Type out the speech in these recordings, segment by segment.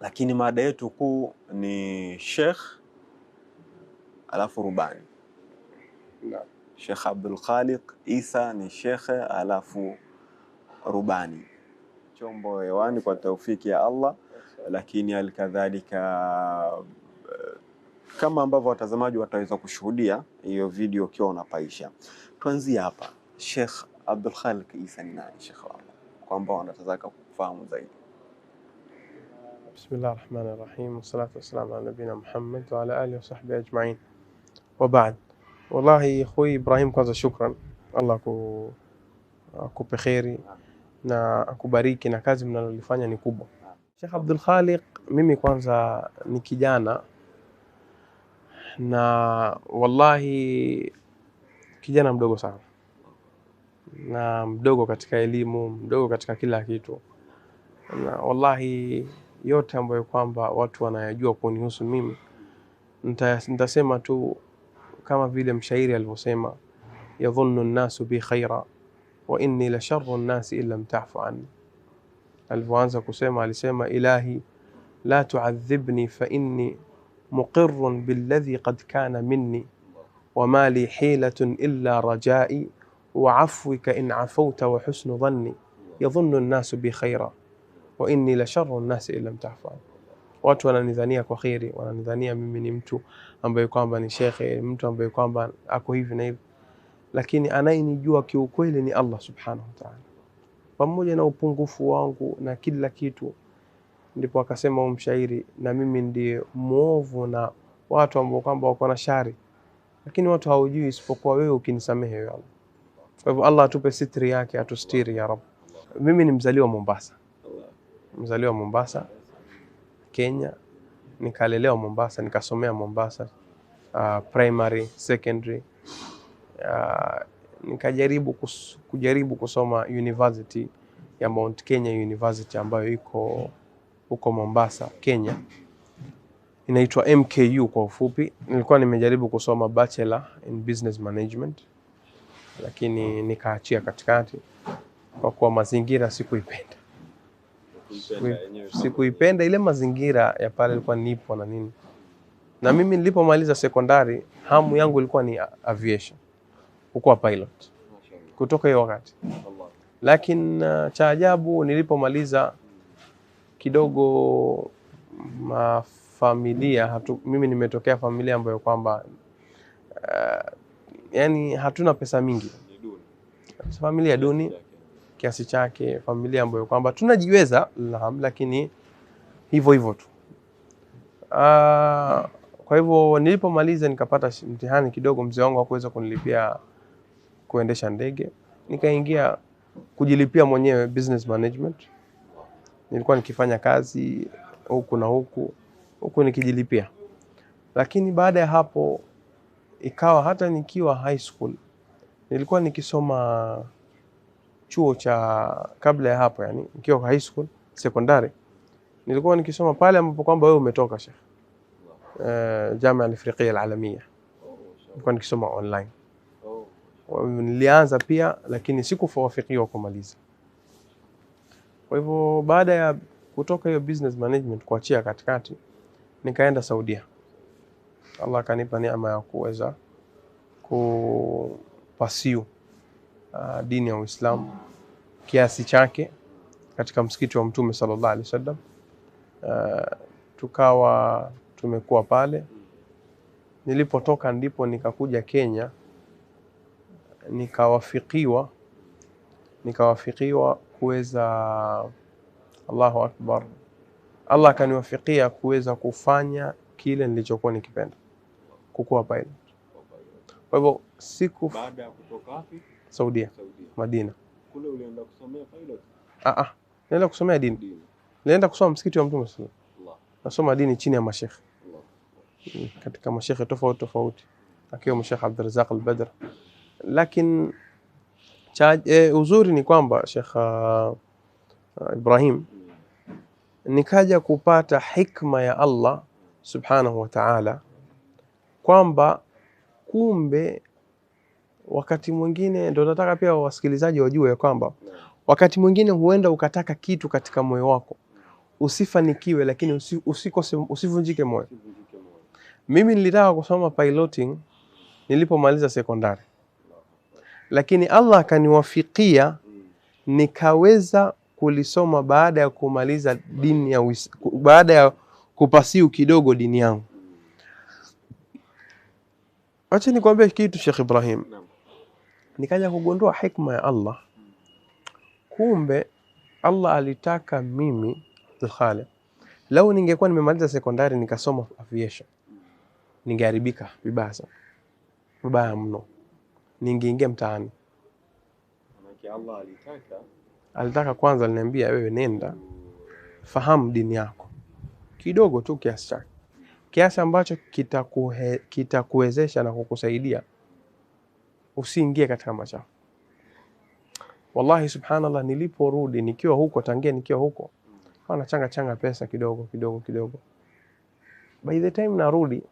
lakini mada yetu kuu ni Sheikh alafu rubani na. Sheikh Abdul Khaliq Isa ni shekhe alafu rubani chombo hewani kwa taufiki ya Allah, lakini alikadhalika eh, kama ambavyo watazamaji wataweza kushuhudia hiyo video ukiwa unapaisha. Tuanzie hapa, Sheikh Abdul Khaliq Isa ni nani, Sheikh wangu, kwamba wanataka kufahamu zaidi. Bismillah rahman rahim wassalatu wassalamu ala nabina Muhammad wa ala alihi wasahbihi ajmain wa baad. Wallahi hui Ibrahim, kwanza shukran Allah ku akupe kheri na akubariki, na kazi mnalolifanya ni kubwa. Sheikh Abdul Khaliq, mimi kwanza ni kijana na wallahi kijana mdogo sana na mdogo katika elimu, mdogo katika kila kitu, na wallahi yote ambayo kwamba watu wanayajua kunihusu mimi, nitasema tu kama vile mshairi alivyosema, yadhunnu nnasu bi khaira wa inni la sharru nnasi in lam tafu anni. Alivyoanza kusema alisema, ilahi la tuadhibni fa inni muqirrun billadhi qad kana minni wa ma li hilatun illa rajai wa afwika in afauta wa husnu dhanni yadhunnu nnasu bi khaira wa inni la sharru nnasi illa lam watu wananidhania kwa kheri, wananidhania mimi ni mtu ambaye kwamba ni shekhe, mtu ambaye kwamba ako hivi na hivi, lakini anayenijua kiukweli ni Allah subhanahu wa ta'ala, pamoja na upungufu wangu na kila kitu. Ndipo akasema huyu mshairi, na mimi ndiye mwovu na watu ambao kwamba wako na shari, lakini watu hawajui isipokuwa wewe ukinisamehe ya Allah. Kwa hivyo Allah atupe sitri yake, atustiri ya Rabb. Mimi ni mzaliwa Mombasa mzaliwa Mombasa, Kenya. Nikalelewa Mombasa, nikasomea Mombasa uh, primary, secondary uh, nikajaribu kus, kujaribu kusoma university ya Mount Kenya University ambayo iko huko Mombasa, Kenya inaitwa MKU kwa ufupi. Nilikuwa nimejaribu kusoma bachelor in business management, lakini nikaachia katikati kwa kuwa mazingira sikuipenda sikuipenda ile mazingira ya pale ilikuwa nipo na nini, na mimi nilipomaliza sekondari hamu yangu ilikuwa ni aviation, hukuwa pilot kutoka hiyo wakati, lakini uh, cha ajabu nilipomaliza kidogo mafamilia hatu, mimi nimetokea familia ambayo kwamba uh, yani hatuna pesa mingi, familia duni kiasi chake, familia ambayo kwamba tunajiweza naam, lakini hivyo hivyo tu. Uh, kwa hivyo nilipomaliza nikapata mtihani kidogo, mzee wangu hakuweza kunilipia kuendesha ndege, nikaingia kujilipia mwenyewe business management. Nilikuwa nikifanya kazi huku na huku huku nikijilipia, lakini baada ya hapo ikawa hata nikiwa high school nilikuwa nikisoma chuo cha kabla ya hapo, yani nikiwa high school secondary, nilikuwa nikisoma pale ambapo kwamba wewe umetoka Sheikh, uh, eh, Jamaa al-Afriqia al-Alamia, nilikuwa nikisoma online. Nilianza pia lakini sikuwafikiwa kumaliza. Kwa hivyo baada ya kutoka hiyo business management kuachia katikati, nikaenda Saudia. Allah akanipa neema ya kuweza kupasiu Uh, dini ya Uislamu kiasi chake katika msikiti wa Mtume sallallahu alaihi wasallam. Uh, tukawa tumekuwa pale. Nilipotoka ndipo nikakuja Kenya, nikawafikiwa nikawafikiwa kuweza, Allahu akbar, Allah akaniwafikia kuweza kufanya kile nilichokuwa nikipenda kukuwa pilot. Kwa hivyo siku baada ya kutoka Saudia, Saudia. Madina kule ulienda kusomea pilot? Ah ah, Nenda kusomea dini, nenda kusoma msikiti wa Mtume sallallahu alaihi wasallam. Nasoma dini chini ya mashekhe hmm, katika mashekhe tofauti tofauti akiwemo Sheikh Abdurrazaq al-Badr, lakini cha eh, uzuri ni kwamba Sheikh uh, Ibrahim hmm. nikaja kupata hikma ya Allah subhanahu wa ta'ala kwamba kumbe wakati mwingine ndio nataka pia wasikilizaji wajue kwamba wakati mwingine huenda ukataka kitu katika moyo wako usifanikiwe, lakini usi, usikose, usivunjike moyo. Mimi nilitaka kusoma piloting nilipomaliza sekondari, lakini Allah akaniwafikia nikaweza kulisoma baada ya kumaliza dini ya baada ya kupasiu kidogo dini yangu. Acha nikwambie kitu Sheikh Ibrahim nikaja kugundua hikma ya Allah, kumbe Allah alitaka mimi Dhulkhaliq, lau ningekuwa nimemaliza sekondari nikasoma aviation ningeharibika vibaya sana, vibaya mno, ningeingia mtaani. Allah alitaka alitaka kwanza, aliniambia wewe, nenda fahamu dini yako kidogo tu, kiasi chake, kiasi ambacho kitakuwezesha kita na kukusaidia usiingie katika machafu. Wallahi, subhanallah, niliporudi nikiwa huko, tangia nikiwa huko nachanga changa pesa kidogo kidogo kidogo, by the time narudi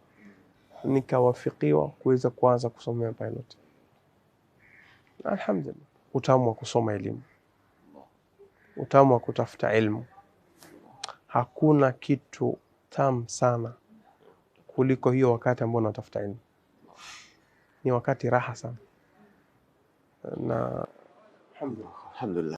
nikawafikiwa kuweza kuanza kusomea pilot. Alhamdulillah, utamu wa kusoma elimu, utamu wa kutafuta elimu. Hakuna kitu tamu sana kuliko hiyo wakati ambao unatafuta elimu, ni wakati raha sana. نعم. الحمد لله الحمد لله